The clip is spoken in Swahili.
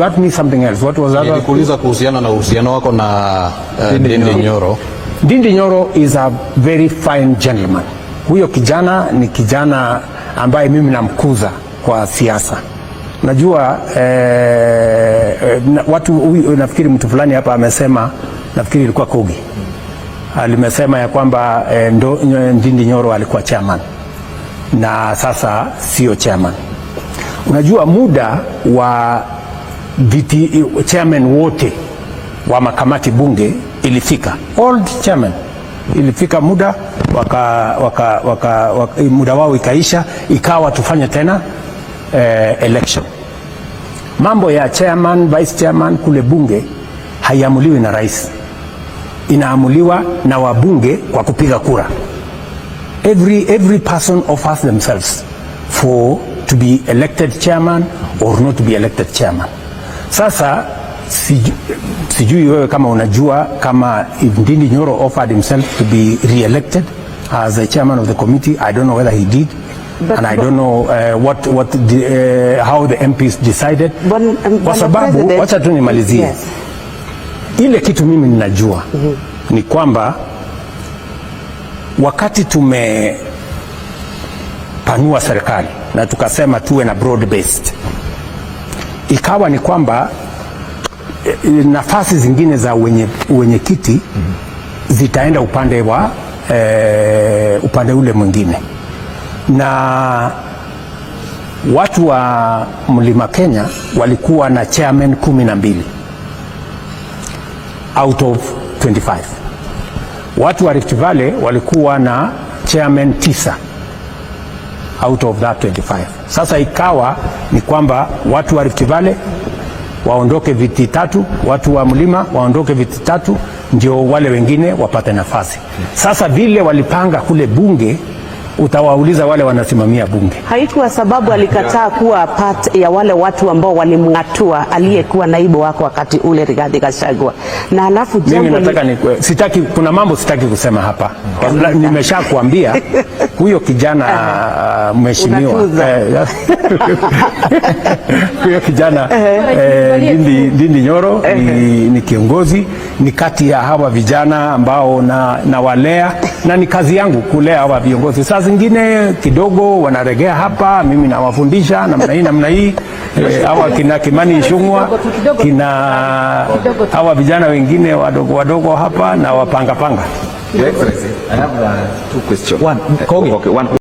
You asked me something else. What was other? Nilikuuliza kuhusiana na uhusiano wako na uh, Ndindi Nyoro. Ndindi Nyoro is a very fine gentleman. Huyo kijana ni kijana ambaye mimi namkuza kwa siasa. Najua eh, eh watu huyu, nafikiri mtu fulani hapa amesema, nafikiri ilikuwa Kogi alimesema ya kwamba eh, ndo, Ndindi Nyoro alikuwa chairman na sasa sio chairman. Unajua muda wa viti chairman wote wa makamati bunge ilifika, old chairman ilifika muda waka, waka, waka, waka, muda wao ikaisha, ikawa tufanye tena eh, election. Mambo ya chairman vice chairman kule bunge haiamuliwi na rais, inaamuliwa na wabunge kwa kupiga kura. Every, every person offers themselves for to be elected chairman or not to be elected chairman. Sasa sijui, wewe kama unajua kama Ndindi Nyoro offered himself to be re-elected as the chairman of the committee I don't know whether he did But and I don't know uh, what, what the, uh, how the MPs decided bon, um, kwa sababu wacha tu nimalizie yes. Ile kitu mimi ninajua mm -hmm. ni kwamba wakati tumepanua serikali na tukasema tuwe na broad based ikawa ni kwamba eh, nafasi zingine za wenyekiti wenye zitaenda upande wa e, upande ule mwingine, na watu wa Mlima Kenya walikuwa na chairman kumi na mbili out of 25. Watu wa Rift Valley walikuwa na chairman tisa out of that 25. Sasa ikawa ni kwamba watu wa Rift Valley waondoke viti tatu, watu wa mlima waondoke viti tatu, ndio wale wengine wapate nafasi. Sasa vile walipanga kule bunge utawauliza wale wanasimamia bunge. Haikuwa sababu alikataa kuwa part ya wale watu ambao walimng'atua aliyekuwa naibu wako wakati ule Rigathi Gachagua. Na alafu jambo mimi nataka ni, sitaki kuna mambo sitaki kusema hapa, nimeshakwambia huyo kijana uh, mheshimiwa huyo kijana eh, eh Ndindi, eh, eh, Ndindi Nyoro ni, ni kiongozi, ni kati ya hawa vijana ambao na, na walea na ni kazi yangu kulea hawa viongozi. Saa zingine kidogo wanaregea hapa, mimi nawafundisha namna hii namna hii E, kina Kimani Ichung'wa kina hawa vijana wengine wadogo wadogo hapa na wapangapanga. Your Excellency, I have uh, two questions. One, uh, call me. Okay, one.